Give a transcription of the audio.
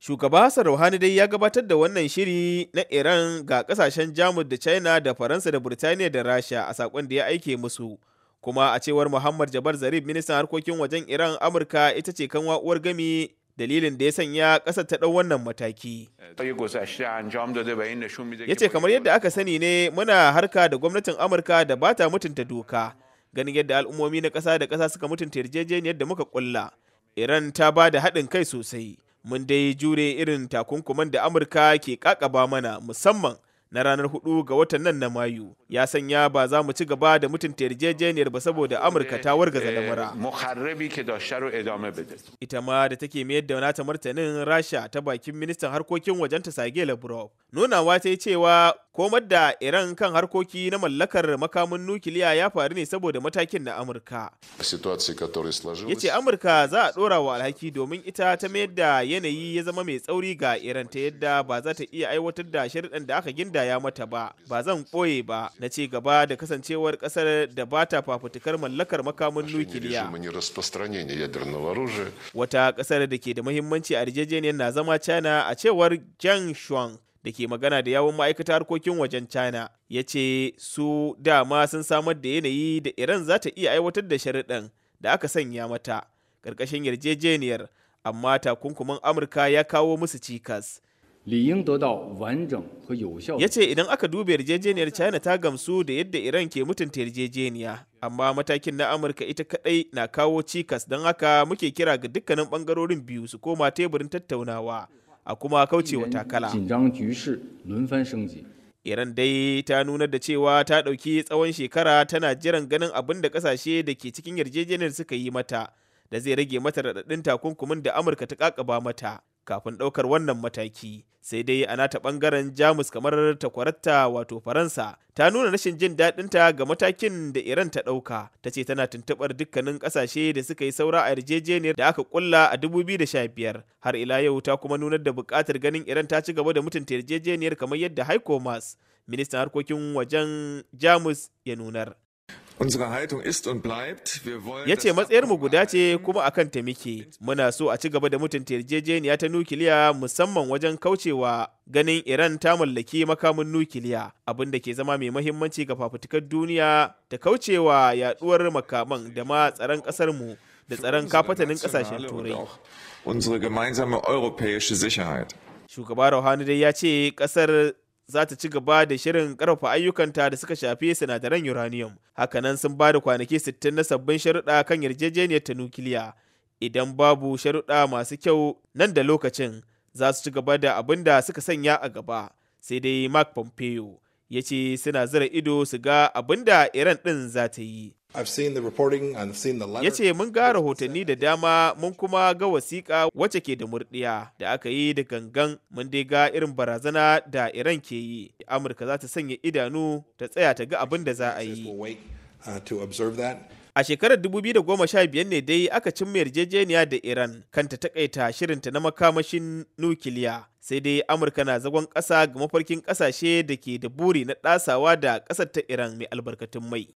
Shugaba Hassan Rouhani dai ya gabatar da wannan shiri na Iran ga kasashen Jamus da China da Faransa da Burtaniya da Rasha a sakon da ya aike musu. Kuma a cewar Muhammad Jabar Zarif ministan harkokin wajen Iran Amurka ita ce kan uwar gami dalilin da ya sanya ƙasar ta ɗau wannan mataki. Ya ce kamar yadda aka sani ne muna harka da gwamnatin Amurka da ba ta mutunta doka. Ganin yadda al'ummomi na ƙasa da kasa suka mutunta yarjejeniyar da muka kulla Iran ta ba da haɗin kai sosai. mun dai jure irin takunkuman da amurka ke kakaba mana musamman na ranar hudu ga watan nan na mayu ya sanya ba za mu ci gaba da mutunta yarjejeniyar ba saboda amurka ta wargaza lamura eh, ita ma da take mayar da nata martanin rasha ta bakin ministan harkokin wajenta sage lavrov nunawa ta cewa komar da Iran kan harkoki na mallakar makamin nukiliya ya faru ne saboda matakin na Amurka. Ya ce Amurka za a ɗora wa alhaki domin ita ta mayar da yanayi ya zama mai tsauri ga Iran ta yadda ba za ta iya aiwatar da sharuɗan da aka gindaya mata ba, ba zan ɓoye ba na ce gaba da kasancewar ƙasar da ba ta fafutukar mallakar makamin nukiliya. Wata ƙasar da ke da mahimmanci a yarjejeniyar na zama China a cewar Jiang Shuang. da ke magana da yawon ma'aikata harkokin wajen china ya ce su dama sun samar da yanayi da iran za ta iya aiwatar da sharaɗin da aka sanya mata ƙarƙashin yarjejeniyar amma takunkumin amurka ya kawo musu cikas ya ce idan aka duba yarjejeniyar china ta gamsu da yadda iran ke mutunta yarjejeniya amma matakin na amurka ita kadai na kawo cikas don haka muke kira ga dukkanin bangarorin biyu su koma teburin tattaunawa a kuma kaucewa takala. Iran dai ta nuna da cewa ta ɗauki tsawon shekara tana jiran ganin abin da ƙasashe da ke cikin yarjejeniyar suka yi mata da zai rage mata raɗaɗin takunkumin da Amurka ta ƙaƙaba mata. kafin ɗaukar wannan mataki sai dai a nata ɓangaren jamus kamar takwaratta wato faransa ta nuna rashin jin daɗinta ga matakin da iran ta ɗauka ta ce tana tuntuɓar dukkanin ƙasashe da suka yi saura a yarjejeniyar da aka kulla a 2015 har ila yau ta kuma nunar da buƙatar ganin iran ta ci gaba da mutunta yarjejeniyar kamar yadda haiko ministan harkokin wajen jamus ya nunar Ya ce matsayar mu guda ce kuma akan ta muke, muna so a ci gaba da mutunta yarjejeniya ta nukiliya musamman wajen kaucewa ganin Iran ta mallaki makamin nukiliya abin da ke zama mai mahimmanci ga fafutukar duniya ta kaucewa yaduwar makaman da ma tsaron mu da tsaron kafatanin kasashen turai. shugaba Rouhani dai ya ce ƙasar za ta ci gaba da shirin karfafa ayyukanta da suka shafi sinadaran uranium hakanan sun ba da kwanaki 60 na sabbin sharuɗa kan yarjejeniyar ta nukiliya idan babu sharuɗa masu kyau nan da lokacin za su ci gaba da abin da suka sanya a gaba sai dai mark pompeo ya ce suna zira ido su ga abin da iran ɗin za ta yi Ya ce mun ga rahotanni da dama mun kuma ga wasiƙa wacce ke da murɗiya da aka yi da gangan mun dai ga irin barazana da Iran ke yi. Amurka za ta sanya idanu ta tsaya ta ga abin da za a yi. Uh, a shekarar 2015 ne dai aka cimma yarjejeniya da Iran kanta takaita shirinta na makamashin nukiliya. Sai dai Amurka na zagon ƙasa ga mafarkin ƙasashe da ke da buri na ɗasawa da ƙasar ta Iran mai albarkatun mai.